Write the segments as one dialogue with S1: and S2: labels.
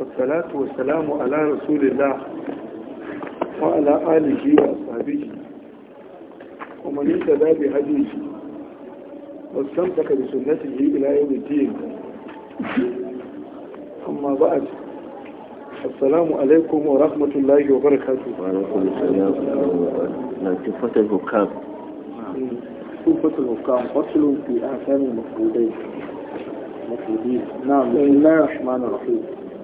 S1: والصلاة والسلام على رسول الله وعلى آله وأصحابه ومن اهتدى بهديه واستمسك بسنته إلى يوم الدين أما بعد السلام عليكم ورحمة الله
S2: وبركاته وعليكم السلام ورحمة الله وبركاته الحكام فصل في آثام المفقودين المفيدين
S1: نعم بسم الله الرحمن الرحيم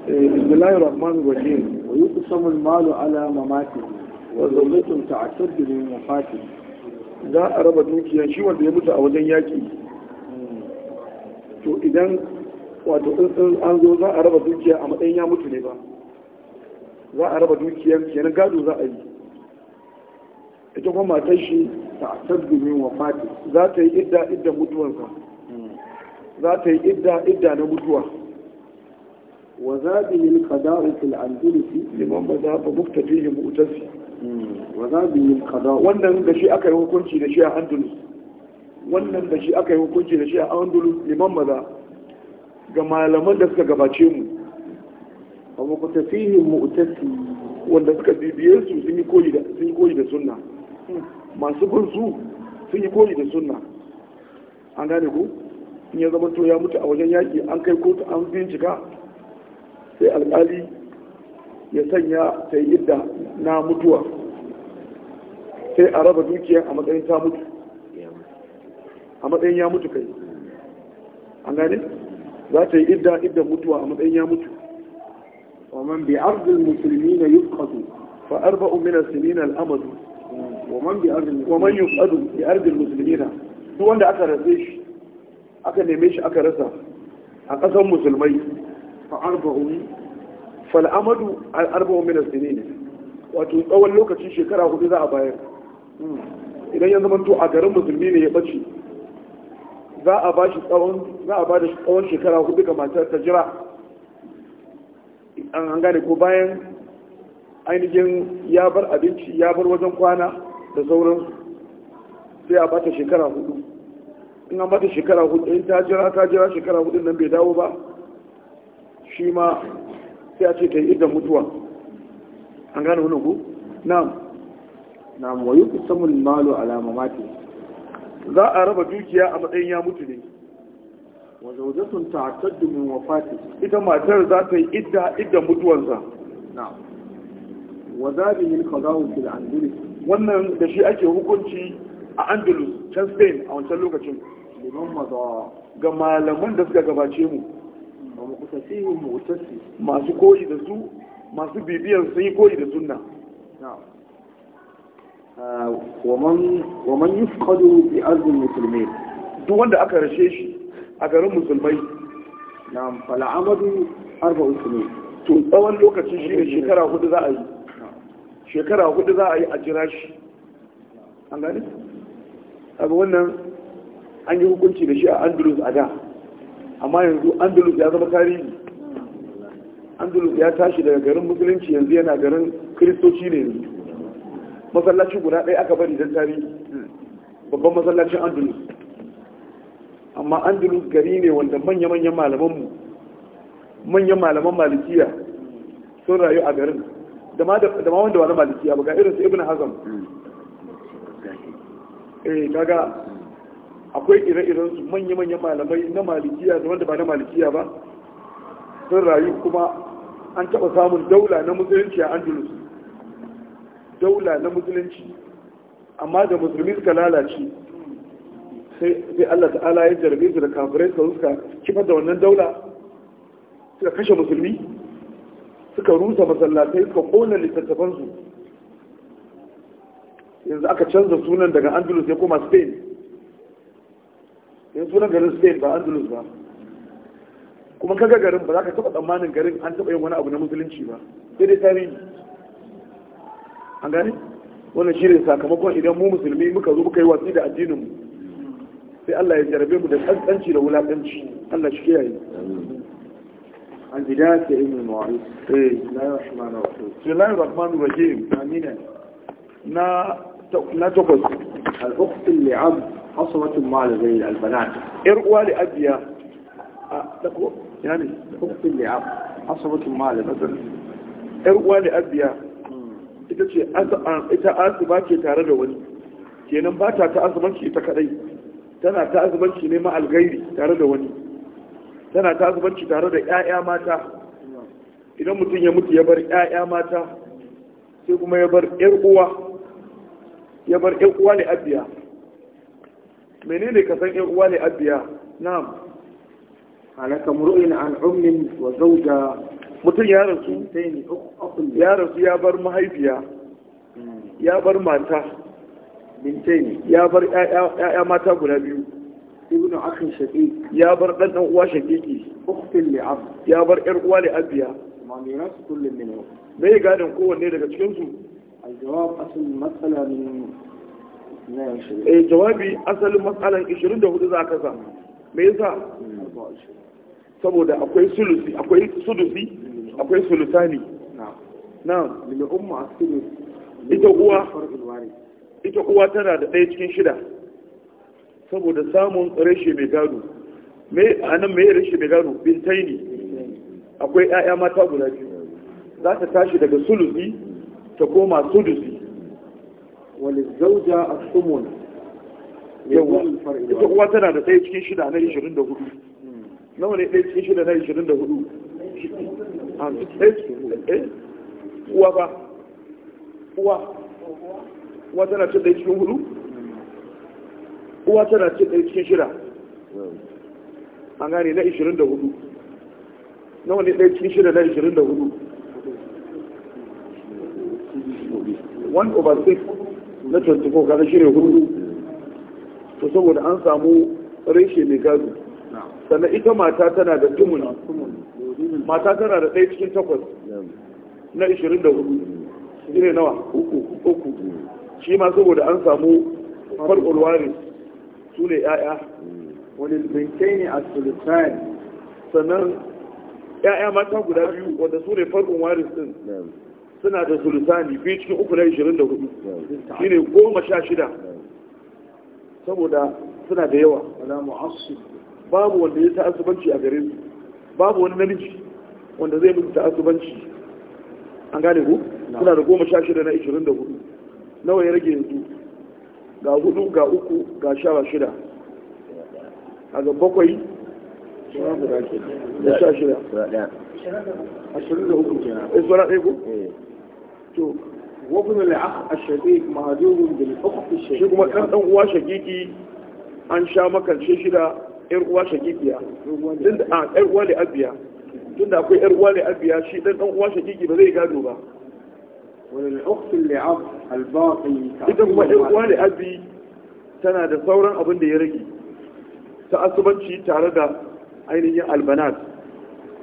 S1: بسم الله الرحمن الرحيم ويقسم المال على مماته وزوجة تعتد من وفاته za a raba dukiya shi wanda ya mutu a wajen yaƙi to idan wato in an zo za a raba dukiya a matsayin ya mutu ne ba za a raba dukiyar kenan gado za a yi ita kuma matar shi ta tasgumin wa fati za ta yi idda idda mutuwansa za ta yi idda idda na mutuwa wa zabihi yin kada'u fil andalusi liman mazhaba muktatihi mutarsi wa zabihi yin kada'u wannan da shi aka yi hukunci da shi a andalus wannan da shi aka yi hukunci da shi a andalus liman za ga malaman da suka gabace mu a wa muktatihi mutarsi wanda suka bibiye su sun yi koyi da sun yi koyi da sunna masu bin su sun yi koyi da sunna an gane ku in ya zama to ya mutu a wajen yaƙi an kai kotu an bincika sai alƙali ya sanya ta yi idda na mutuwa sai a raba dukiyar a matsayin ta mutu a matsayin ya mutu kai an gane za ta yi idda idda mutuwa a matsayin ya mutu wa man ومن بأرض المسلمين يفقد فأربع من السنين الأمد ومن بأرض bi يفقد musulmi na duk wanda aka rabe shi aka neme shi aka rasa a kasan musulmai a arba'un fal'amadu a arba'un minas ne wato tsawon lokacin shekara hudu za a bayar hmm. idan ya zama to a garin musulmi ne ya ɓace za a ba shi tsawon za a ba da tsawon shekara hudu ga matar ta jira an gane ko bayan ainihin ya bar abinci ya bar wajen kwana da sauransu sai a bata shekara hudu in an mata shekara hudu in ta jira ta jira shekara hudu nan bai dawo ba shi ma sai a ce ta yi idan mutuwa an gane wani ku na na wa yuku samun malu alama mati za a raba dukiya a matsayin ya mutu ne wa zaujatun ta min wafati ita matar za ta yi idda idda mutuwansa na'am wa zabihi al-qada'u da andalus wannan da shi ake hukunci a andalus can spain a wancan lokacin ga malaman da suka gabace mu masu koyi da su masu bibiyan sun yi koyi da sunna ah, wa man yufqadu bi arzin musulmi. duk wanda aka rashe shi a garin musulmai na fala'amadu arba arba'u to tsawon lokacin shi ne shekara hudu za a yi shekara hudu za a yi a jira shi an gani abu wannan an yi hukunci da shi a andalus a da amma yanzu andalus ya zama tarihi andalus ya tashi daga garin musulunci yanzu yana garin kiristoci ne yanzu Masallacin guda ɗaya aka bari don tarihi babban masallacin andalus amma andalus gari ne wanda manya-manyan malamanmu manyan malaman malikiya sun rayu a garin da ma wanda wani malikiya ba ga irinsu ibn hazam hmm. eh kaga akwai ire-iren su manya-manyan malamai na malikiya da wanda ba na malikiya ba sun rayu kuma an taɓa samun daula na musulunci a andalus daula na musulunci amma da musulmi suka lalace sai allah ta'ala ya jarabe su da kafirai su suka kifar da wannan daula suka kashe musulmi suka rusa masallatai suka kona littattafansu yanzu aka canza sunan daga andalus ya koma spain yanzu sunan garin spain ba andalus ba kuma kaga garin ba za ka taɓa tsammanin garin an taɓa yin wani abu na musulunci ba sai dai tarihi an gane wannan shi ne sakamakon idan mu musulmi muka zo muka yi watsi da addinin mu sai Allah ya jarabe mu da tsantsanci da wulaƙanci Allah shi kiyaye an bidaya ta ilmi mawari eh. bismillahir rahmanir rahim amina na na takwas al-uqtil li'am. aswatun ma da zai albanat yar uwa da abiya a dako yani hukumin li'ab aswatun ma da nazar yar uwa da abiya ita ce ita asuba ke tare da wani kenan ba ta ta azubanci ita kadai tana ta azubanci ne ma algairi tare da wani tana ta azubanci tare da 'ya'ya mata idan mutum ya mutu ya bar 'ya'ya mata sai kuma ya bar 'yar uwa ya bar ƴar uwa ne abiya menene ka san yan uwa ne abiya na'am halaka mur'in an ummin wa zawja mutum ya rasu ya rasu ya bar mahaifiya hmm. ya bar mata bintaini ya bar ya mata guda biyu ibnu akhin shaqiq ya bar dan dan uwa shaqiqi ukhtin li ab ya bar ƴar uwa li abiya ma miras kullun minhu bai gadon kowanne daga cikin su al-jawab asal mas'ala min eh jawabi asalin matsalan 24 za ka samu me yasa saboda akwai sulusi akwai sudusi akwai sulusani na lil umma asirin ita uwa ita uwa tana da ɗaya cikin shida saboda samun rashi mai gado a nan mai rashi mai gado bintai ne akwai 'ya'ya mata guda biyu za ta tashi daga sulusi ta koma sudusi وللزوجة الثمن ita uwa tana da ɗaya cikin shida na 24 nawa ne ɗaya cikin shida na 24 uwa ba uwa uwa tana cin ɗaya cikin hudu uwa tana cin ɗaya cikin shida an gane na 24 nawa ne ɗaya cikin shida na 24 1 over six. na 24 kada shi ne hudu to saboda an samu reshe mai gado sannan ita mata tana da tumun mata tana da ɗaya cikin takwas na 24 shi ne nawa uku uku shi ma saboda an samu farkon wari su ne 'ya'ya wani binkai ne a sulusani sannan 'ya'ya mata guda biyu wanda su ne farkon wari din suna da sulusani biyu cikin uku na 24 shine goma sha shida saboda suna da yawa babu wanda ya ta'asubanci a gare su babu wani namiji wanda zai mutu ta'asubanci an gane ku suna da goma sha shida na 24 nawa ya rage yanzu ga hudu ga uku ga sha shida a ga bakwai da sha shida
S2: 23 kenan
S1: isra ɗaya ko to shi kuma dan uwa shaqiqi an sha makalce shi da uwa shaqiqiya tunda a uwa abiya tunda akwai ƴar uwa abiya shi dan uwa shaqiqi ba zai gado ba wal ukhti ita kuma uwa abi tana da sauran abin da ya rage ta asubanci tare da ainihin albanat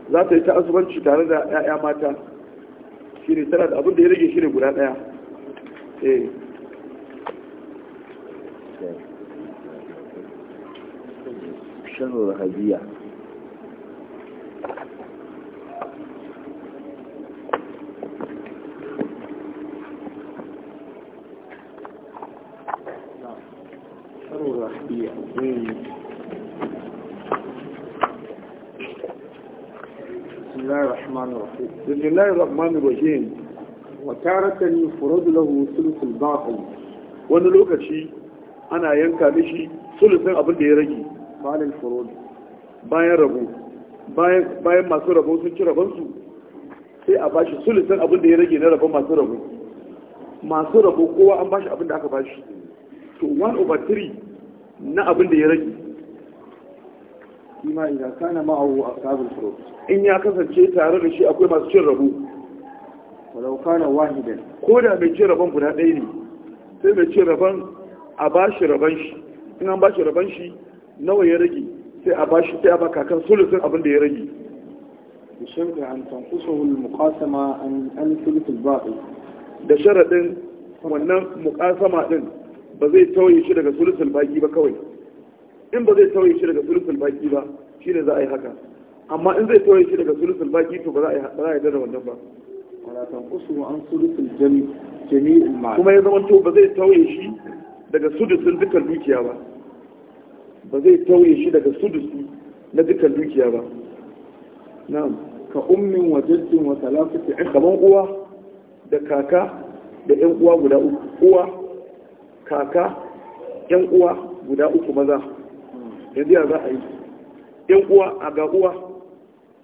S1: za ta yi ta asubanci tare da 'ya'ya mata shi ne tana da abin ya rage shi ne guda ɗaya eh.
S2: shanar hajiya
S1: الله الرحمن الرحيم بسم الله الرحمن الرحيم وتارة يفرض wani lokaci ana yanka mishi sulusin abin da ya rage bayan furod bayan masu rabon sun ci rabonsu sai a bashi sulusin abin da ya rage na rabon masu rabo masu rabo kowa an bashi abin da aka bashi to 1 over 3
S2: na abin da ya
S1: rage shi ma kana ma'awu a sabon furuk in ya kasance tare da shi akwai masu cin rabu walau kana wahidan ko da mai cin rabon guda ɗaya ne sai mai cin rabon a ba shi raban shi in an ba shi raban shi nawa ya rage sai a ba shi sai a ba kakan sulusun abin da ya rage da shirka an wani mukasama an an sulusun ba da sharaɗin wannan mukasama ɗin ba zai tauye shi daga sulusun baki ba kawai in ba zai tauye shi daga sulusul baki ba shi ne za a yi haka amma in zai tauye shi daga sulusul baki to ba za a yi ba za da wannan ba wala an kuma ya zama to ba zai tauye shi daga sudusun dukkan dukiya ba ba zai tauye shi daga sudusun na dukkan dukiya ba na'am ka ummin wa jaddin wa talafati kaman uwa da kaka da yan uwa guda uku uwa kaka yan uwa guda uku maza yanzu ya za a yi yan uwa a ga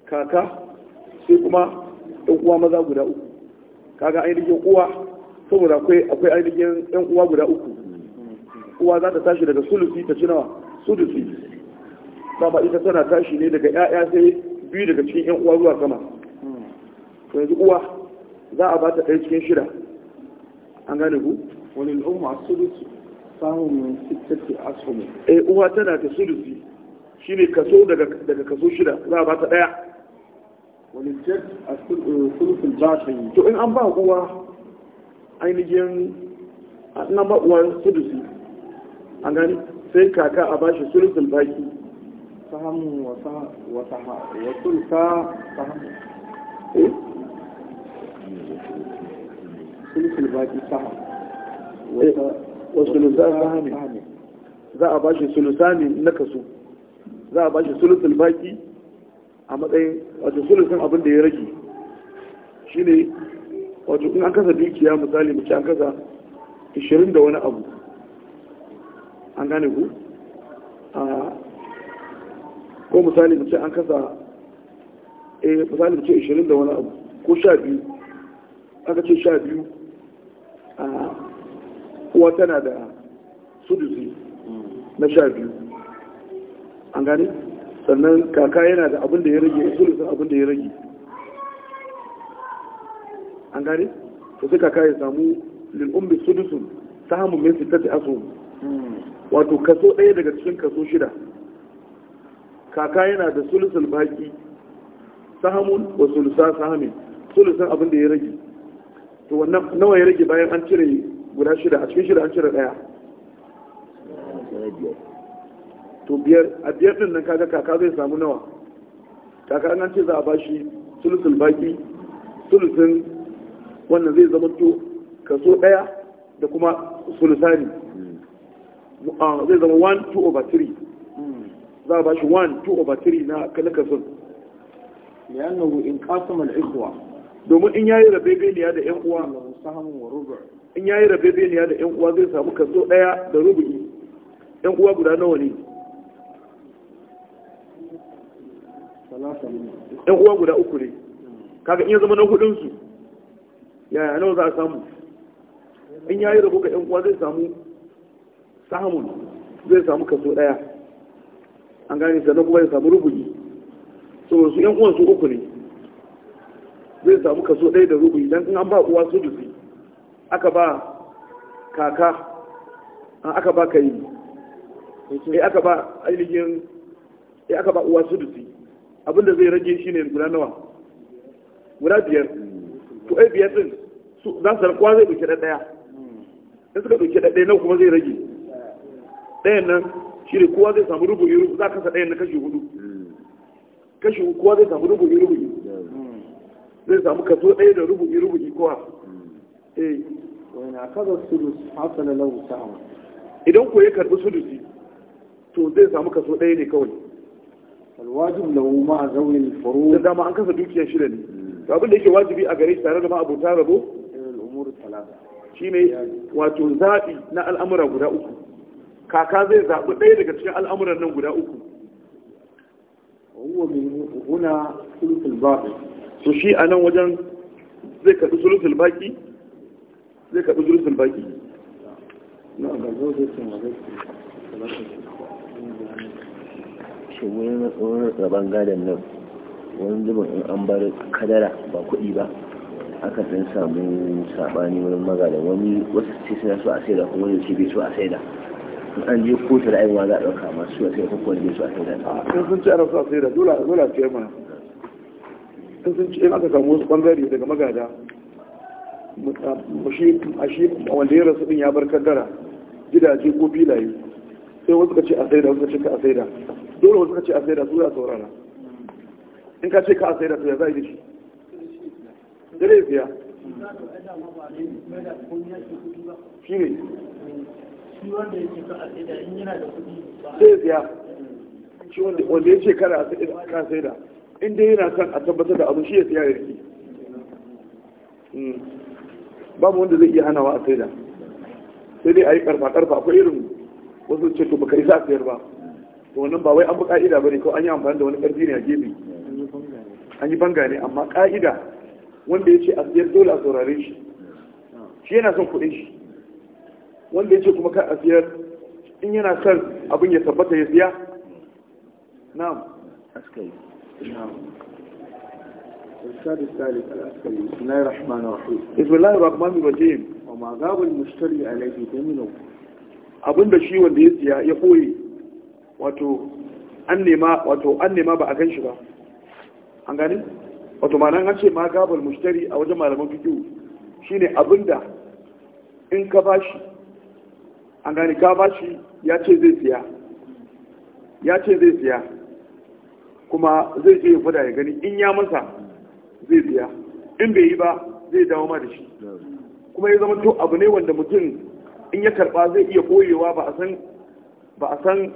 S1: kaka sai kuma yan maza guda uku kaga ainihin uwa saboda akwai akwai ainihin yan guda uku uwa za ta tashi daga sulusi ta cinawa. nawa sulusi ba ita tana tashi ne daga 'ya'ya sai biyu daga cikin 'yan uwa zuwa sama yanzu uwa za a ba ta ɗaya cikin shida an gane ku wani al'umma sulusi samun sittati asumi eh uwa tana ta sulusi shine kaso daga daga kaso shida za a ba ta daya wani jet a eh, sulusun jashin to in an ba uwa ainihin na ba uwa sulusi an gani sai kaka a bashi sulusun baki sahamu wata wata wasu ta sahamu eh baki sahamu wata wa sulusani za a bashi sulusani na kaso za a bashi sulusul baki a matsayin wato sulusun abin da ya rage shine wato in an kasa dukiya misali mace an kasa 20 da wani abu an gane ku ko misali mace an kasa a eh, misali mace 20 da wani abu ko 12 aka ce 12 a Kuwa tana da sudusi na sha biyu an gani sannan kaka yana da abin da ya rage sulusun abin da ya rage an gani to sai kaka ya samu lil'umbi sudusun samun min sittati aso wato kaso ɗaya daga cikin kaso shida kaka yana da sulusun baki sahamun wa sulusa sahamin sulusun abin da ya rage to wannan nawa ya rage bayan an cire guda shida a cikin shida an cire daya to biyar a biyar din nan kaga kaka zai samu nawa kaka an ce za a bashi sulusul baki sulusun wannan zai zama to kaso daya da kuma sulusani zai zama 1 2 over 3 za a bashi 1 2 over 3 na kalakasun liyannahu in kasama al'ikuwa domin in yayi rabe gailiya da yan uwa sahamun wa rubu in yayi rabebeniya da yan uwa zai samu kaso daya da rubu'i yan uwa guda nawa ne yan uwa guda uku ne kaga in ya zama na hudun su yaya nawa za a samu in yayi rabu ga yan uwa zai samu samun zai samu kaso daya an gane sannan kuma ya samu rubu'i saboda su yan uwan su uku ne zai samu kaso daya da rubu'i dan in an ba uwa su dusi aka ba kaka aka ba kai eh aka ba ainihin eh aka ba uwa sudusi abinda zai rage shi ne guda nawa guda biyar to ai eh, biyar din su za su kowa zai dauki ɗaya in suka dauki ɗaya nan kuma zai rage ɗayan nan shi ne kowa zai samu rubu'i rubu za kasa sa ɗayan na kashi hudu kashi kowa zai samu rubu'i rubu'i hmm. zai samu kaso ɗaya da rubu'i rubu'i kowa eh hasala lahu sahwa idan ko ya karbi sudusi to zai samu kaso ɗaya ne kawai alwajib lahu ma zawil furu da dama an kasa dukiyar shida ne to abin da yake wajibi a gare shi tare da ma abota rabo shine wato zaɓi na al'amura guda uku kaka zai zaɓi ɗaya daga cikin al'amuran nan guda uku to shi anan wajen zai karɓi sulusul baqi zai karɓi zurfin baki na ga zo zai cin wani
S2: shi wurin rabon gadon nan wani zubin in an bar kadara ba kuɗi ba aka sun samu saɓani wurin maza da wani wasu ce suna so a saida kuma wani ce bai so a saida in an je kotu ra'ayin ma za a ɗauka masu a saida kuma wani bai so a saida ah,
S1: in sun ce ana so a saida dole a ce mana in sun ce in aka samu wasu ɓangare daga magada ashe wanda ya rasu din ya bar kaddara gidaje ko filaye sai wasu ka ce a saida wasu ka ce ka a saida dole wasu ka ce a saida su za saurara in ka ce ka a saida to ya za a yi shi dare biya shi ne Sai biya shi wanda ya ce kada a saida in dai yana son a tabbatar da abu shi ya siya ya riki hmm. babu wanda zai iya hana wa a saida sai dai a yi karfa karfa akwai irin wasu ce to baka isa a sayar ba to wannan ba wai an bi ka'ida ba ne ko an yi amfani da wani karfi ne a gefe an yi banga ne amma ka'ida wanda ya ce a sayar dole a saurare shi shi yana son kuɗin shi wanda ya ce kuma ka a sayar in yana son abin ya tabbata ya siya na'am بسم الله الرحمن الرحيم بسم الله الرحمن الرحيم وما غاب المشتري عليه دمنه abinda shi wanda ya siya ya koyi wato an nema ba a gan shi ba an gani wato malan an ce ma gabar mushtari a wajen malaman fikiyu shine abinda in ka bashi an gani ka bashi ya ce zai siya kuma zai je ya fada ya gani in ya masa zai biya in bai yi ba zai dawo ma da shi kuma ya zama to abu ne wanda mutum in ya karba zai iya koyewa ba a san ba a san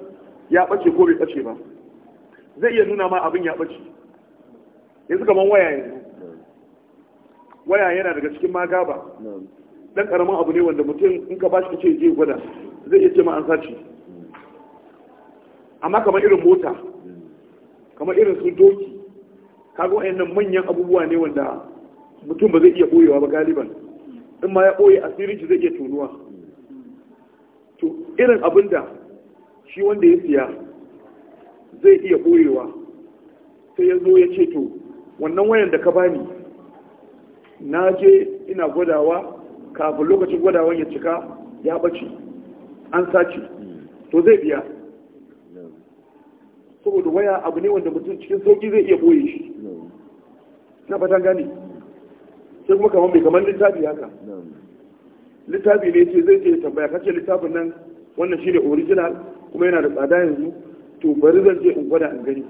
S1: ya bace ko bai bace ba zai iya nuna ma abin ya bace yanzu kaman waya yanzu waya yana daga cikin magaba dan karamin abu ne wanda mutum in ka bashi kace je gwada zai iya ce ma an sace amma kamar irin mota kamar irin su doki kaga wayannan manyan abubuwa ne wanda mutum ba zai iya boyewa ba galiban in ma ya boye asirin shi zai iya tonuwa to irin abin da shi wanda ya siya zai iya boyewa sai ya zo ya ce to wannan wayan da ka bani na je ina gwadawa kafin lokacin gwadawan ya cika ya ɓace an sace to zai biya saboda waya abu ne wanda mutum cikin sauki zai iya boye shi na fatan gane sai kuma kamar mai kamar littafi haka littafi ne ce zai ce tambaya kace littafin nan wannan shi ne original kuma yana da tsada yanzu to bari zan je in gwada in gani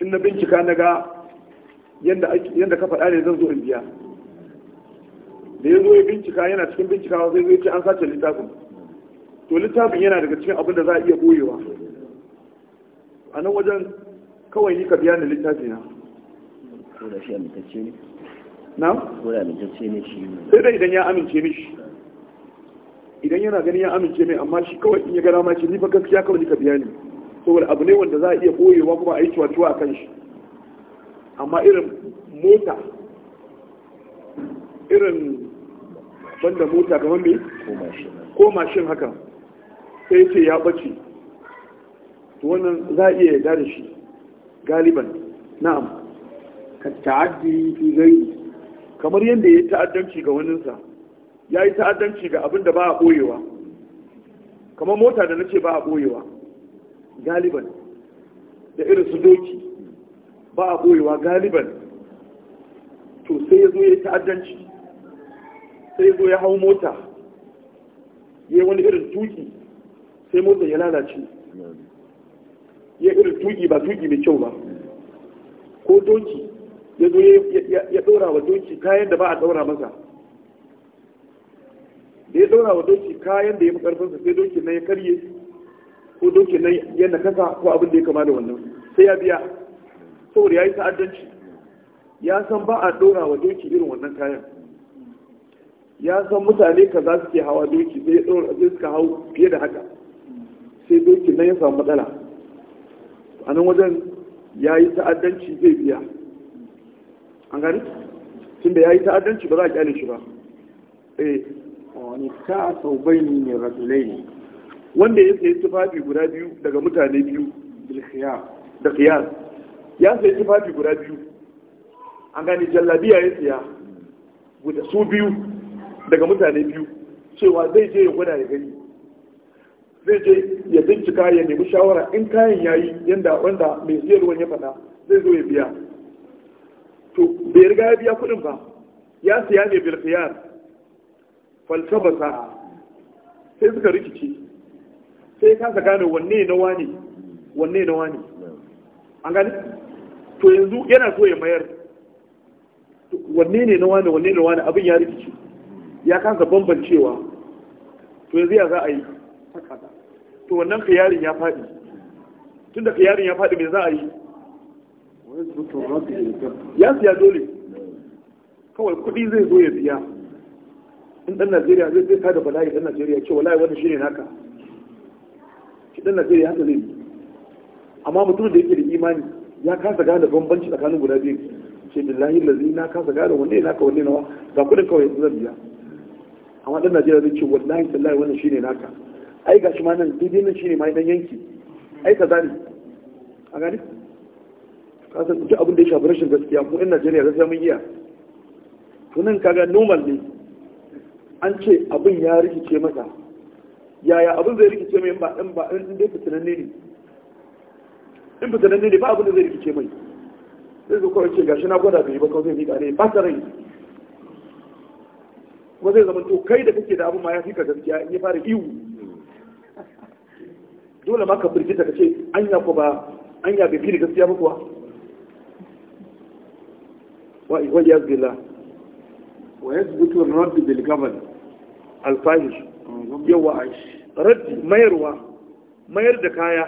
S1: in na bincika na ga yadda ka faɗa ne zan zo in biya da ya zo ya bincika yana cikin bincikawa zai zai ce an sace littafin to littafin yana daga cikin abin da za a iya boyewa a nan wajen kawai ni ka biya ni littafi na ko da shi amintacce ne na ko da amintacce ne shi sai dai idan ya amince mishi idan yana gani ya amince mai amma shi kawai in ya gara ma ce ni fa gaskiya kawai ni ka biya ni saboda abu ne wanda za a iya koyewa kuma a yi ciwa a kan shi amma irin mota irin banda mota kamar me ko mashin haka sai ce ya bace to wannan za a iya yarda da shi galiban na'am ka ta'addi fi zai kamar yadda ya yi ta'addanci ga waninsa ya yi ta'addanci ga abin da ba a ɓoyewa kamar mota da na ce ba a ɓoyewa galiban da irin su doki ba a ɓoyewa galiban to sai ya zo ya yi ta'addanci sai ya zo ya hau mota ya yi wani irin tuki sai mota ya lalace ya irin tuki ba tuki mai kyau ba ko doki ya zo ya ɗora wa doki kayan da ba a ɗora masa da ya ɗora wa doki kayan da ya fi ƙarfinsa sai doki na ya karye ko doki na ya nakasa ko abin da ya kama da wannan sai ya biya saboda ya yi ta'addanci ya san ba a ɗora wa doki irin wannan kayan ya san mutane ka za su ke hawa doki sai suka hau fiye da haka sai doki na ya samu matsala a nan wajen ya yi ta'addanci zai biya an gani da ya yi ta'addanci ba za a kyale shi ba eh wani ta sau bai ne ne wanda ya sayi tufafi guda biyu daga mutane biyu da khiyar ya sayi tufafi guda biyu an gani jallabiya ya siya guda su biyu daga mutane biyu cewa zai je ya gwada ya gani zai je ya bincika ya nemi shawara in kayan yayi yadda wanda mai siyarwan ya faɗa zai zo ya biya to bai riga ya biya kuɗin ba ya siya ne bil khiyar falsafasa sai suka rikici sai ya kasa gane wanne na wani wanne na wani an gani to yanzu yana so ya mayar wanne ne na wani wanne na wani abin ya rikici ya kasa bambancewa to yanzu ya za a yi haka to wannan khiyarin ya faɗi tunda khiyarin ya faɗi me za a yi ya siya dole kawai kuɗi zai zo ya siya in ɗan najeriya zai zai kada bala'i ɗan najeriya ce wallahi wannan shine naka shi ɗan najeriya haka zai amma mutum da yake da imani ya kasa gane bambanci tsakanin guda biyu ce billahi lazi na kasa gane wanne naka wanne nawa ga kuɗin kawai zan biya amma ɗan najeriya zai ce wallahi tallahi wannan shine naka ai shi ma nan dai nan shine mai dan yanki ai ka zani a gani ka san duk abin da ya shafi rashin gaskiya mu in Najeriya da mun iya to nan kaga normal ne an ce abin ya rikice masa yaya abin zai rikice mai ba dan ba ɗan dai fitinanne ne in fitinanne ne ba abin da zai rikice mai sai su kawai ce gashi na gwada bai ba kawai zai miƙa ne ba ta rai kuma zai zama to kai da kake da abin ma ya fi ka gaskiya in ya fara iwu dole ma ka firgita ka ce anya ko ba anya bai fili gaskiya ba kuwa wa ya zila wa yazbutu radd bil gabal al alfahish yawa shi raddi mayarwa mayar da kaya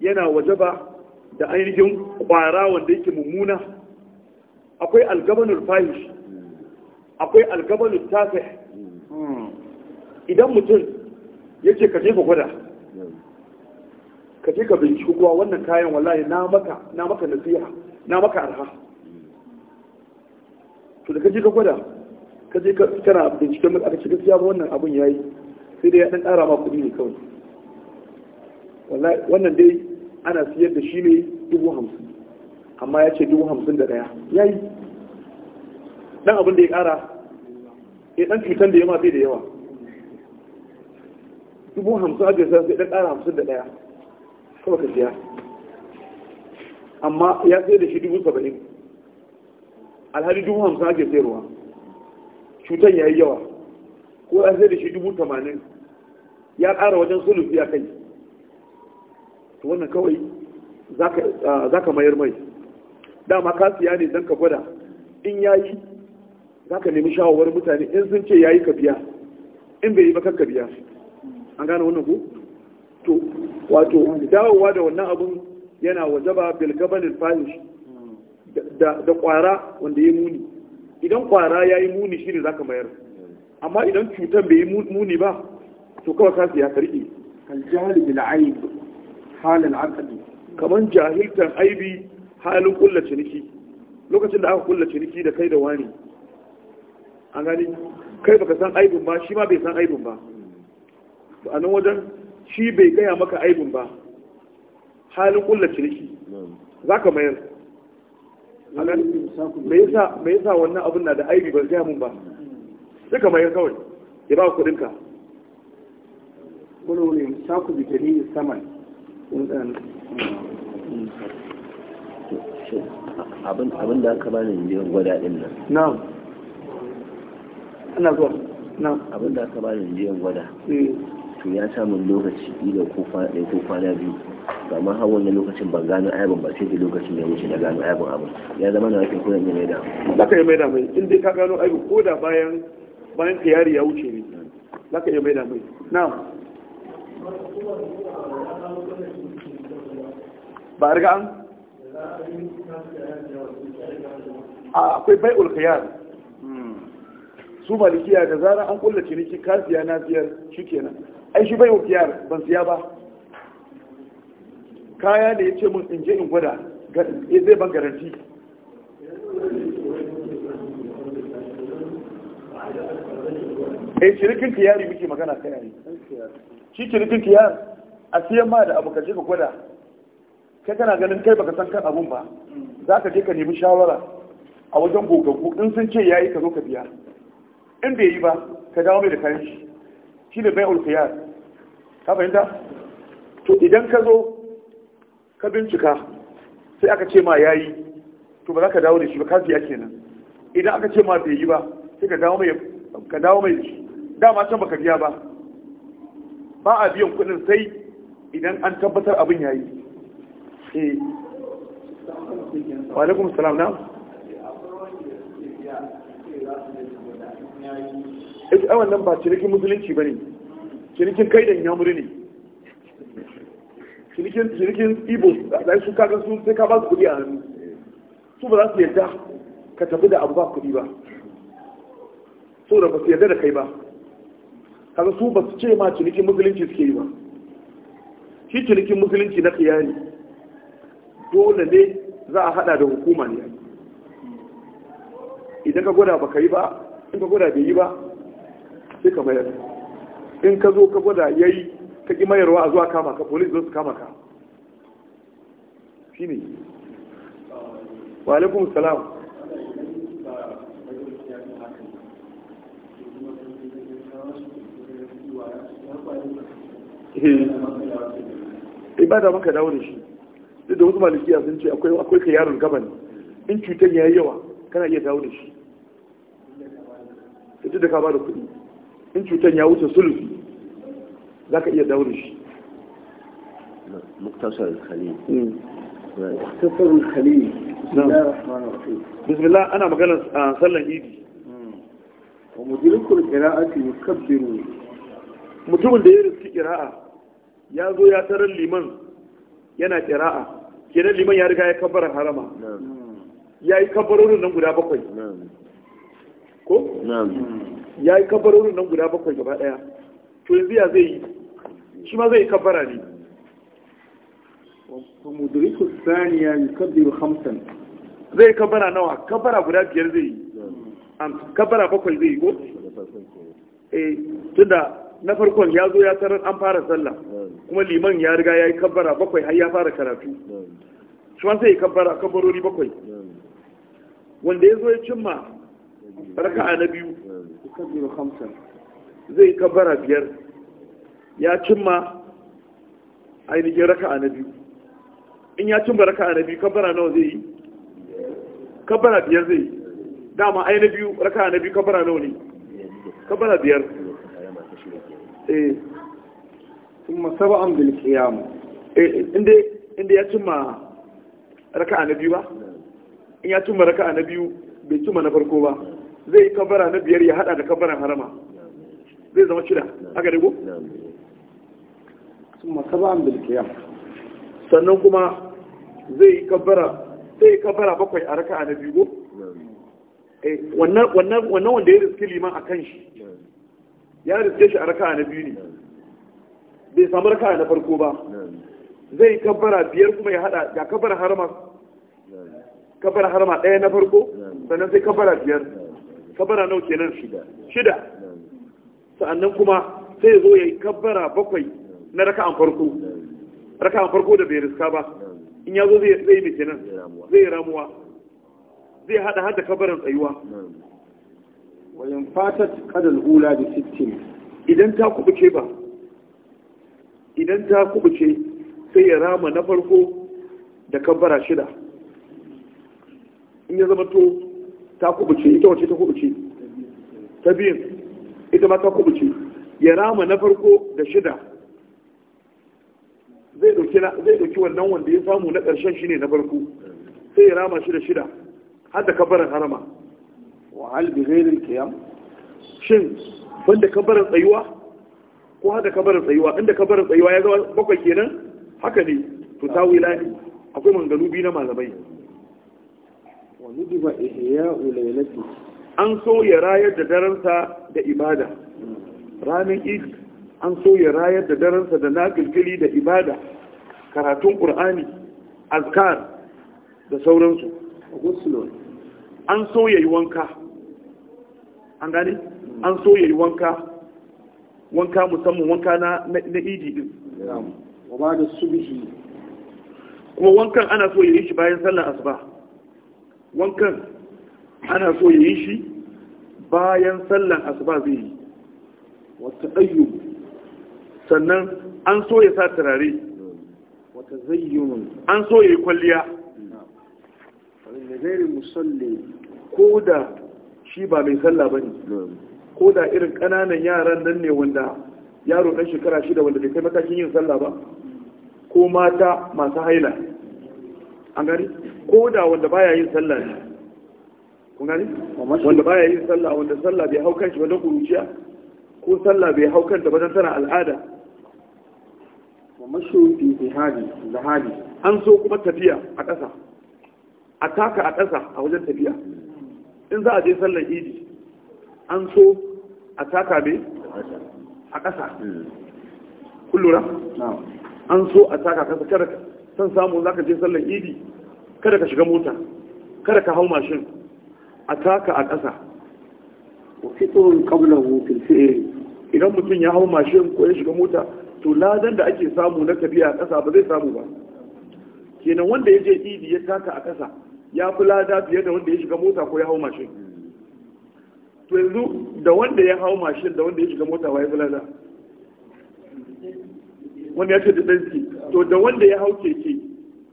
S1: yana wajaba da ainihin kwara wanda yake mummuna akwai algabanul fahish akwai algabanul tafe hmm. idan mutum yake ka je ka gwada ka je ka binciki kuwa wannan kayan wallahi na maka na maka nasiha na maka arha to da ka je ka gwada ka je ka kana binciken mai aka ce siya wannan abun yayi sai dai ya dan ƙara ma kuɗi ne kawai wallahi wannan dai ana siyar da shi ne dubu hamsin amma ya ce dubu hamsin da ɗaya yayi dan abin da ya ƙara ya dan cutan da ya ma bai da yawa dubu hamsin aka sai dan ƙara hamsin da ɗaya kawai ka siya amma ya sai da shi dubu saba'in alhali dubu hamsin ake sayarwa cutar ya yi yawa ko ya sai da shi dubu tamanin ya ƙara wajen sulufi a kai to wannan kawai za ka mayar mai dama ka siya ne don ka gwada in ya yi za ka nemi shawarwar mutane in sun ce ya yi ka biya in bai yi ba ka biya an gane wannan ku to wato dawowa da wannan abun yana wajaba bil gabanil fahish da kwara wanda ya muni idan kwara ya yi muni shi ne za ka mayar amma idan cutar bai yi muni ba to kawai kasu ya karki kan jahil bil aib halin aqdi kaman jahiltan aibi halin kulla ciniki lokacin da aka kulla ciniki da kai da wani an gani kai baka san aibin ba shi ma bai san aibin ba a nan wajen shi bai gaya maka aibin ba halin kulla ciniki za ka mayar me yasa wannan abin na da aibi ba gaya mun ba sai ka mayar kawai ya ba kuɗin ka kulo saku bi dalili saman
S2: abin da aka bani ne gwada din nan na'am ana zuwa na'am abin da aka bani ne gwada eh. to ya samun lokaci ila ko kwana ko kwana biyu amma har wannan lokacin ban gano ayabin ba sai da lokacin ya wuce na gano ayabin abin ya zama na wakil koyar
S1: mai da za ka yi mai da mai in dai ka gano ayabin ko da bayan bayan tiyari ya wuce ne za ka yi mai da mai na ba riga an a akwai bai ulkhiyar hmm. su malikiya da zara an kulla ciniki kasiya na biyar shi kenan ai shi bai wakiyar ban siya ba kaya da ya ce mun in je in gwada ya eh, zai ban garanti ai eh, cirikin kiyari muke magana kai ne shi cirikin kiyar a siyan ma da abu ka je ka gwada kai kana ganin kai baka san kan abun ba za ka je ka nemi shawara a wajen gogaggu in sun ce yayi ka zo ka biya in bai yi ba ka dawo mai da kayan shi shi ne bai ulkiyar ka fahimta to idan ka zo ka bincika sai aka ce ma ya yi, to ba za ka dawo da shi ba ka biya kenan idan aka ce ma bai yi ba sai ka dawo mai ka dawo mai shi dama can baka biya ba ba a biyan kuɗin sai idan an tabbatar abin yayi eh wa alaikum salam na eh, ai wannan ba cinikin musulunci bane cinikin kai da nyamuri ne cinikin ibo da su kaga su sai ka ba su kudi a hannu su ba za su yarda ka tafi da abu ba kudi ba so da ba su yarda da kai ba kaga su ba su ce ma cinikin musulunci suke yi ba shi cinikin musulunci na kiyari dole ne za a hada da hukuma ne idan ka gwada ba ka yi ba in ka gwada bai yi ba sai ka mayar in ka zo ka gwada ya yi ka ƙi mayarwa a zuwa kama ka polis zo su kama ka shi ne wa alaikum salam eh, da maka dawo da shi duk da wasu malikiya sun ce akwai ka yaron gaban in cutar ya yi yawa kana iya dawo da shi duk da ka ba da kuɗi in cutar ya wuce sulfi za ka iya daure shi
S2: muktasar khalil hmm.
S1: muktasar khalil bismillah ana magana a ah, sallan idi hmm. wa mudirikul qira'ati yukabbiru mutumin da ya riski qira'a ya zo ya tarar liman yana qira'a kenan liman ya riga ya kabbara harama ya yi kabbarorin nan guda bakwai ko
S2: hmm.
S1: ya yi kabarorin nan guda bakwai gaba daya to yanzu ya zai yi shi ma zai yi kabara ne wa mudriku thaniya yukabbiru khamsan zai kabara nawa kabara guda biyar zai yi am kabara bakwai zai yi ko eh tunda na farkon ya zo ya tarar an fara sallah kuma liman ya riga ya yi kabara bakwai har ya fara karatu shi ma zai yi kabara kabarori bakwai wanda ya zo ya cimma raka'a na biyu yukabiru hamsin zai kabara biyar ya cimma ainihin raka'a na biyu in ya cimma raka'a na biyu kabara nawa zai yi kabara biyar zai yi dama ainihin na biyu raka'a na biyu kabara nawa ne kabara biyar eh kuma sab'an bil qiyam eh inda inda ya cimma raka'a na biyu ba in ya cimma raka'a na biyu bai cimma na farko ba zai yi kabara na biyar ya hada da kabaran harama zai zama shida a gari ko sun sab'an bil bilkiya sannan kuma zai yi kabara zai yi kabara bakwai a raka'a na biyu ko eh, wannan wanda ya riske liman a kan shi ya riske shi a raka'a na biyu ne bai samu raka'a na farko ba zai yi kabbara biyar kuma ya hada ga kabbar harama kabbar harama ɗaya na farko sannan sai kabbara biyar kabara nawa kenan shida sa'annan kuma sai ya zo ya yi kabara bakwai na raka'an farko raka'an farko da bai riska ba in ya zo zai yi mai kenan zai yi ramuwa zai hada hada kabaran tsayuwa wayan fatat kadal ula da sittin idan ta kubuce ba idan ta kubuce sai ya rama na farko da kabara shida in ya zama to ta kubuce ita wace ta kubuce ta biyun ita ma ta kubuce ya rama na farko da shida zai ɗauki wannan wanda ya samu na karshen shi ne na farko sai ya rama shi da shida har da kabarin harama wa hal bi al qiyam shin banda kabarin tsayuwa ko har da kabarin tsayuwa inda kabarin tsayuwa ya zama bakwai kenan haka ne to tawila ne akwai mangalubi na malamai wa nujiba ihya'u laylati an so ya rayar da daransa da ibada ranar id an so ya rayar da daransa da nafilfili da ibada karatun ƙur'ani azkar da sauransu an so ya yi wanka an gani an so ya yi wanka wanka musamman wanka na idi din wa ba da kuma wankan ana so ya yi shi bayan sallar asuba wankan ana so ya yi shi bayan sallan asuba zai yi wata ayyu sannan an so ya sa turare wata zayyun an so ya yi kwalliya wanda gairin musalli ko da shi ba mai sallah ba ne ko da irin ƙananan yaran nan ne wanda yaro ɗan shekara shida wanda bai kai matakin yin sallah ba ko mata masu haila an gani ko da wanda baya yin sallah ne kun gani wanda baya yin sallah wanda sallah bai haukan shi ba don kuruciya ko sallah bai haukan ta ba don tana al'ada wa mashu fi zihadi zahadi an so kuma tafiya a ƙasa a taka a ƙasa a wajen tafiya in za a je sallar idi an so a taka ne a ƙasa hmm. kullura an so a taka ƙasa San samu za ka je sallar idi kada ka shiga mota kada ka hau mashin a taka a ƙasa wa fitrun qabla fil fi'l idan mutum ya hau mashin ko ya shiga mota to ladan da ake samu na tafiya a ƙasa ba zai samu ba kenan wanda ya je idi ya taka a ƙasa ya fi lada fiye da wanda ya shiga mota ko ya hau mashin to yanzu da wanda ya hau mashin da wanda ya shiga mota wa ya fi lada wanda ya ce da tsanki to da wanda ya hau keke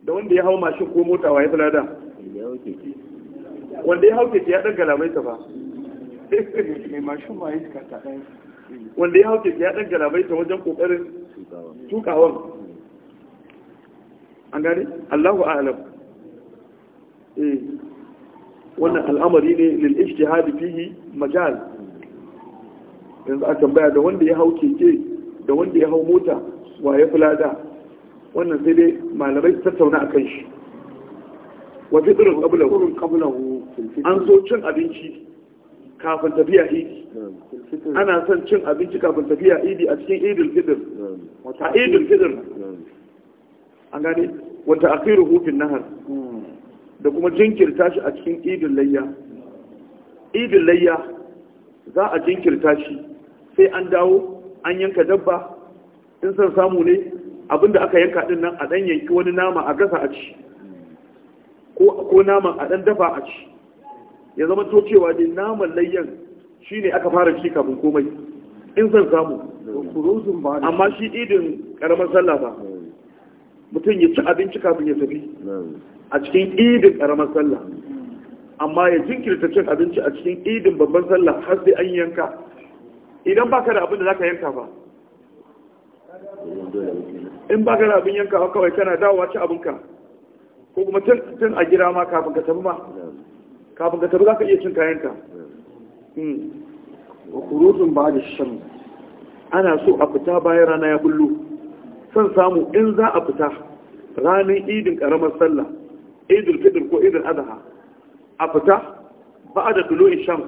S1: da wanda ya hau mashin ko mota wa ya fi lada wanda ya hau keke ya ɗan galamai ta ba wanda ya hau keke ya ɗan galamai ta wajen ƙoƙarin tukawan an gane allahu alam eh. wannan al'amari ne lil ijtihadi fihi majal yanzu a tambaya da wanda ya hau keke da wanda ya hau mota wa ya fi wannan sai dai malamai tattauna a kan shi wa fitrin qablahu an so cin abinci kafin tafiya idi ana son cin abinci kafin tafiya idi a cikin idul fitr a idul fitr an gane wata akhiru hufin nahar hmm. da kuma jinkirta shi a cikin idil layya idil layya za a jinkirta shi sai an dawo an yanka dabba in san samu ne abinda aka yanka din nan a dan yanki wani nama a gasa a ci ko nama a dan dafa a ci ya zama to cewa dai naman layyan shine aka fara ci kafin komai in san samu amma shi idin karamar sallah ba mutum ya ci abinci kafin ya tafi a cikin idin karamar sallah amma ya jinkirta cin abinci a cikin idin babban sallah har sai an yanka idan baka da abin da zaka yanka ba in ba ka da abin yankawa kawai kana dawowa ci abinka ko kuma tun a gida ma kafin ka tabi ma kafin ka tabi za ka iya cin kayanka hmm. wa kurutun ba da shan ana so a fita bayan rana ya bullo son samu in za a fita ranar idin karamar sallah idul fitr ko idul adha a fita ba da in shan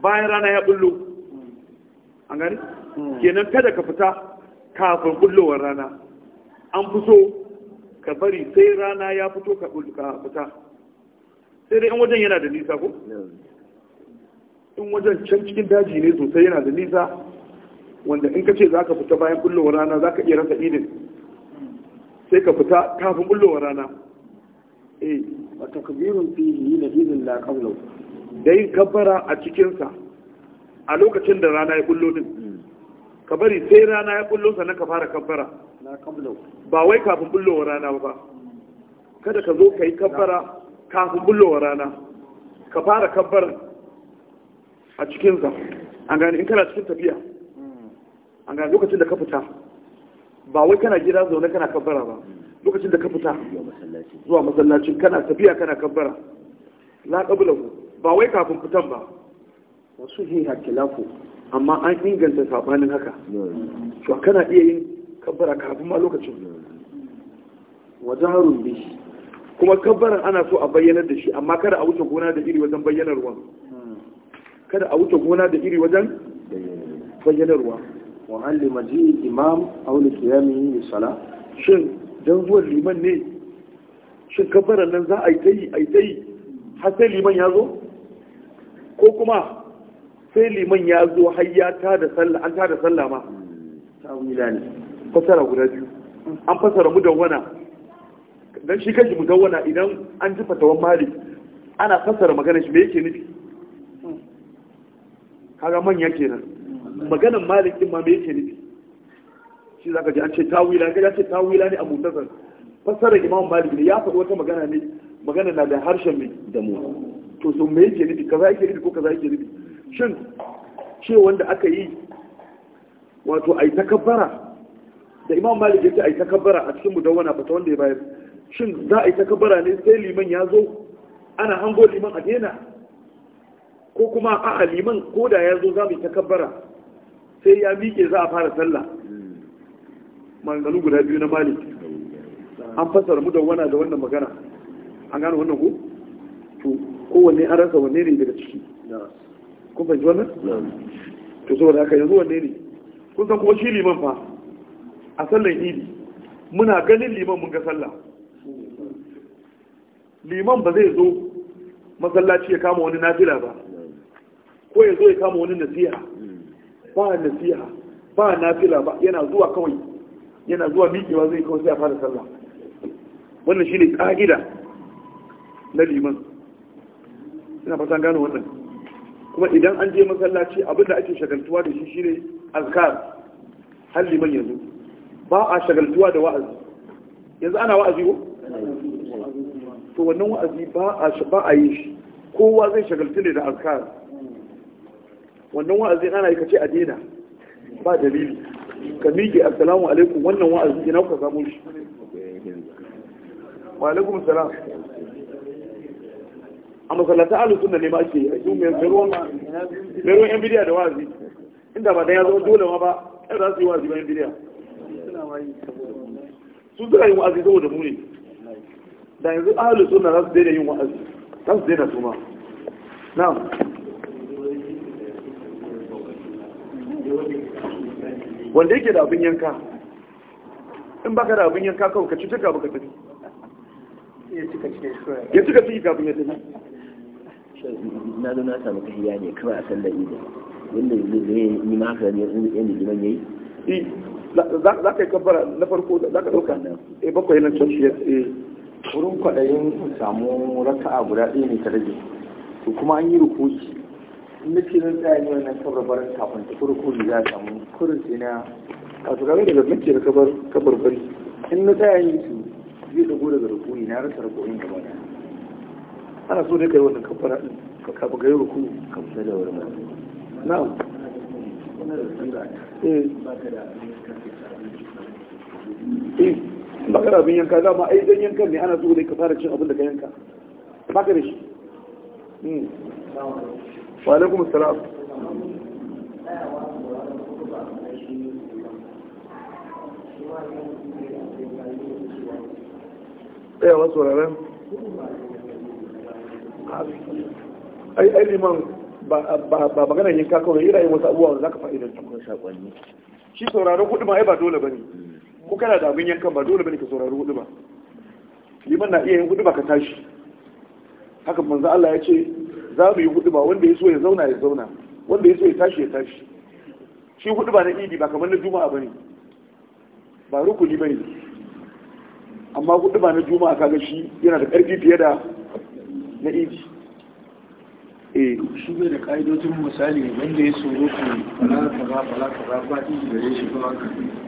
S1: bayan rana ya bullo an gani hmm. kenan kada ka fita kafin bullowar rana an fi so ka bari sai rana ya fito ka fita sai dai in wajen yana da nisa ko in wajen can cikin daji ne sosai yana da nisa wanda in ka ce za ka fita bayan bullowar rana za ka iya rasa idin sai ka fita kafin bullowar rana eh wa takbirun fihi na yi la qawlu da yin kabbara a cikinsa a lokacin da rana ya bullo din ka bari sai rana ya bullo sannan ka fara kabbara ba wai kafin bullowa rana ba kada ka zo ka yi kabbara kafin bullowa rana ka fara kabbara a cikinsa an gani in kana cikin tafiya an gani lokacin da ka fita ba wai kana gida zaune kana kabbara ba lokacin da ka fita zuwa masallacin kana tafiya kana kabbara la qablahu ba wai kafin fitan ba wasu hi hakilafu amma an inganta sabanin haka to kana iya yin kabbara kafin ma lokacin wajaharun bi kuma kabbaran ana so a bayyanar da shi amma kada a wuce gona da iri wajen bayyanarwa kada a wuce gona da iri wajen bayyanarwa wa an limaji imam aw li qiyamihi li sala, shin don zuwan liman ne shin kabbaran nan za a yi ta yi a yi ta yi har sai liman ya zo ko kuma sai liman ya zo har ya tada sallah an tada sallah ma tawila ne fasara guda biyu an fasara mudawwana dan shi da mudawwana idan an ji fatawan mali, ana fasara maganar shi me yake nufi kaga manya kenan maganar malik din ma me yake nufi shi zaka ji an ce tawila kaga ce tawila ne a mutasar fasara imam malik ne ya faɗi wata magana ne magana na da harshen mai damuwa to so me yake nufi kaza yake nufi ko kaza yake nufi shin ce wanda aka yi wato ai takabbara da imam malik ya ce ai takabbara a cikin mudawwana fata wanda ya bayar shin za a yi takabbara ne sai liman ya zo ana hango liman a daina ko kuma a liman ko da ya zo za mu yi takabbara sai ya miƙe za a fara sallah mangalu guda biyu na malik an fasar mu da wannan magana an gano wannan ko to kowanne an rasa wanne ne daga ciki kun fahimci wannan to saboda haka yanzu wanne ne kun san kuma shi liman fa a sallan idi muna ganin liman mun ga sallah liman ba zai zo masallaci ya kama wani nafila ba ko ya zo ya kama wani nasiha hmm. ba nasiha ba nafila ba yana zuwa kawai yana zuwa miƙewa zai kawai sai a fara sallah wannan shi ne ƙa'ida na liman ina fatan gano wannan kuma idan an je masallaci abin da ake shagaltuwa da shi shine azkar halli man yanzu ba a shagaltuwa da wa'azi yanzu ana wa'azi ko to wannan wa'azi ba a ba a yi shi kowa zai shagaltu ne da azkar wannan wa'azi ana yi kace a daina ba dalili ka miƙe assalamu alaikum wannan wa'azi ina kuka samu shi wa alaikum assalam a masallata alu sunna ne ma ake yi su mai ruwan yan bidiyar da wazi inda ba da ya zama dole ma ba ai za su yi wazi ba yan bidiya su suna yin wazi saboda mu ne da yanzu alu sunna za su daina yin wazi za su daina su ma na wanda yake da abin yanka in baka da abin yanka kawai ka ci tuka baka tafi ya cika ciki kafin ya tafi
S2: na zo na samu tahiya ne kawai a sallar idi wanda yanzu da yi maka ne yan
S1: liman ya yi eh, za ka yi kabbara na farko za ka ɗauka e bakwai na coci ya eh. wurin kwaɗayin samu raka'a guda ɗaya ne ta rage
S2: to kuma an yi rukuki na ce zan tsaya ne wannan kabarbarin kafin ta farko da za a samu kurin sai na kasu kawai daga mace da bari. in na tsaya yi su zai dago daga rukuni na rasa rukunin gaba ɗaya ana so ne kai wannan kafara din ka kafa gayi ruku ka da na'am eh, eh
S1: baka da abin yanka ma, ai dan yankan ne ana so ne ka fara cin abin da ka yanka baka da shi hmm. wa alaikum assalam tsayawa eh, sauraron ai ai liman ba maganar yanka kawai ira yin wasu abubuwa za ka fa'idan cikin sakonni shi sauraron kuɗi ma ai ba dole ba ne. ko kana da abin yankan ba dole ne ka saurari kuɗi ba liman na iya yin kuɗi ba ka tashi haka manzo Allah ya ce za mu yi kuɗi ba wanda ya so ya zauna ya zauna wanda ya so ya tashi ya tashi shi kuɗi ba na idi ba kamar na juma'a ba ne? ba rukuni ne. amma kuɗi ba na juma'a kaga shi yana da ƙarfi fiye da na iji e eh, shi da ka'idojin misali wanda ya tsoro ku falaka ba falaka ba da ya shi falaka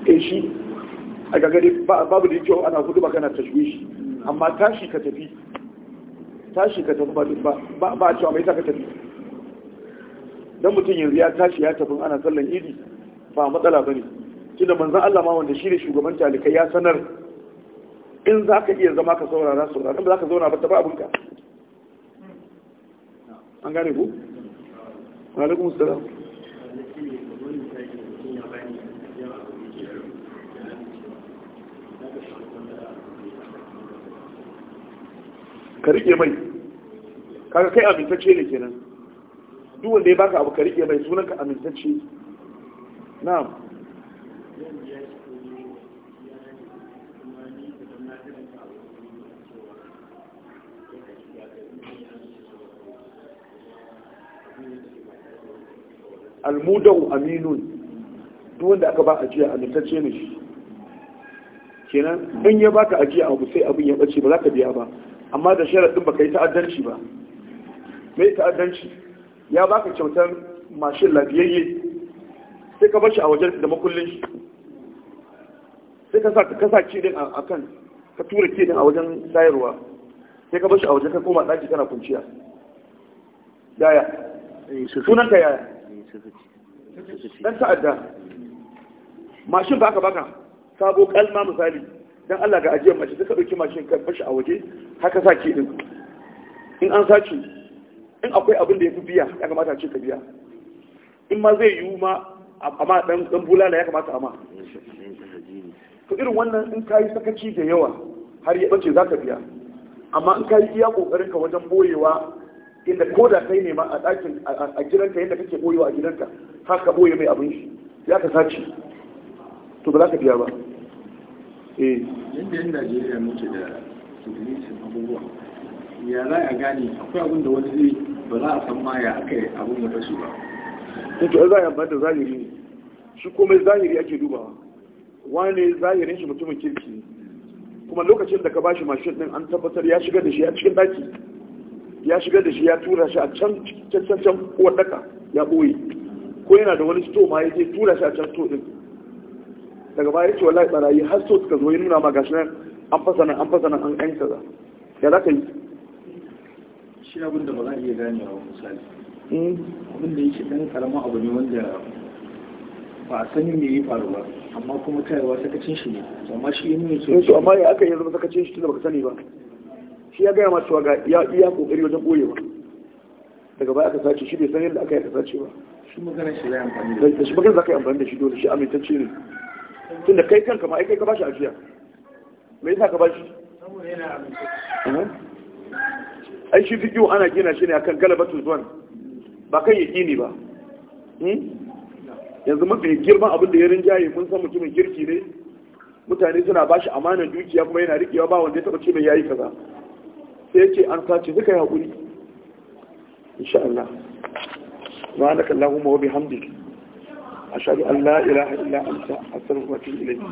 S1: eh shi a gagari babu da yake ana hudu magana shi amma tashi ka tafi tashi ka tafi ba ba a cewa mai ta ka tafi don mutum yanzu ya tashi ya tafi ana sallan idi ba matsala ba ne shi da manzan Allah ma wanda shi ne shugaban talikai ya sanar in za ka iya zama ka saurara saurara ba za ka zauna ba ta ba abinka an gane ku? alaikun salam ka rike mai kaga kai amintacce ne kenan duk wanda ya baka abu ka rike mai sunan ka amintacce Na. almudau aminun duk wanda aka ba ajiya amintacce ne shi kenan in ya baka ajiya abu sai abin ya bace ba za ka biya ba amma da sharaɗin baka yi ta'addanci ba mai ta'addanci ya baka kyautar mashin lafiyayye sai ka bashi a wajen da makullin shi sai ka sa ka sa a kan ka tura din a wajen sayarwa sai ka bashi a wajen ka koma ɗaki kana kunciya yaya eh, sunanka yaya Ɗan ta'adda mashin ba ka baka sabo kalma misali don Allah ga ajiyar mace suka ɗauki mashin kan fashi a waje haka sa ke ɗin in an sace in akwai abin da ya fi biya ya kamata ce ka biya in ma zai yiwu ma amma dan dan bulala ya kamata amma to irin wannan in ka yi sakaci da yawa har ya za ka biya amma in ka yi iya ƙoƙarinka ka wajen boyewa inda ko da kai ne ma a ɗakin a gidanka yadda kake boyewa a gidanka har ka boye mai abin shi ya ka sace to ba za ka biya ba
S2: eh yadda yan Najeriya muke da significant abubuwa ya za a gane akwai abin da wani zai ba za a san ma ya aka yi abin da su ba
S1: to za a yamba da zahiri ne shi komai zahiri ake dubawa wani zahirin shi mutumin kirki kuma lokacin da ka bashi mashin din an tabbatar ya shiga da shi a cikin daki ya shigar da shi ya tura shi a can can can wadaka ya ɓoye ko yana da wani sto ma ya je tura shi a can sto din daga baya ya ce wallahi barayi har sto suka zo ya nuna ma gashi nan an fasa nan an fasa nan an aika za ya za ka yi
S2: shi abin da ba za a iya ganewa misali hmm? abin da yake dan karama abu ne wanda ba a
S1: sanin me ya faru ba amma kuma kaiwa sakacin shi ne amma shi ya nuna cewa eh, amma ya aka yi zama sakacin shi tunda baka sani ba shi ya gaya ma cewa ga iya iya kokari wajen boyewa daga baya ka sace shi bai san yadda aka yi sace ba shi maganar shi zai amfani da shi zaka yi amfani da shi dole shi amintacce ne tun da kai kanka ma ai kai ka bashi ajiya me yasa ka bashi ai shi fikiyo ana gina shi ne akan to zuwan ba kan gini ba hmm? yanzu mafi girman abin da ya rinjaye mun san mutumin kirki ne mutane suna bashi amanar dukiya kuma yana rikewa ba wanda ya taba ce mai yayi kaza sai ce an sace duka ya guri insha Allah subhanak allahumma wa Hamdi. ashhadu an la ilaha illa anta astaghfiruka wa atubu ilayk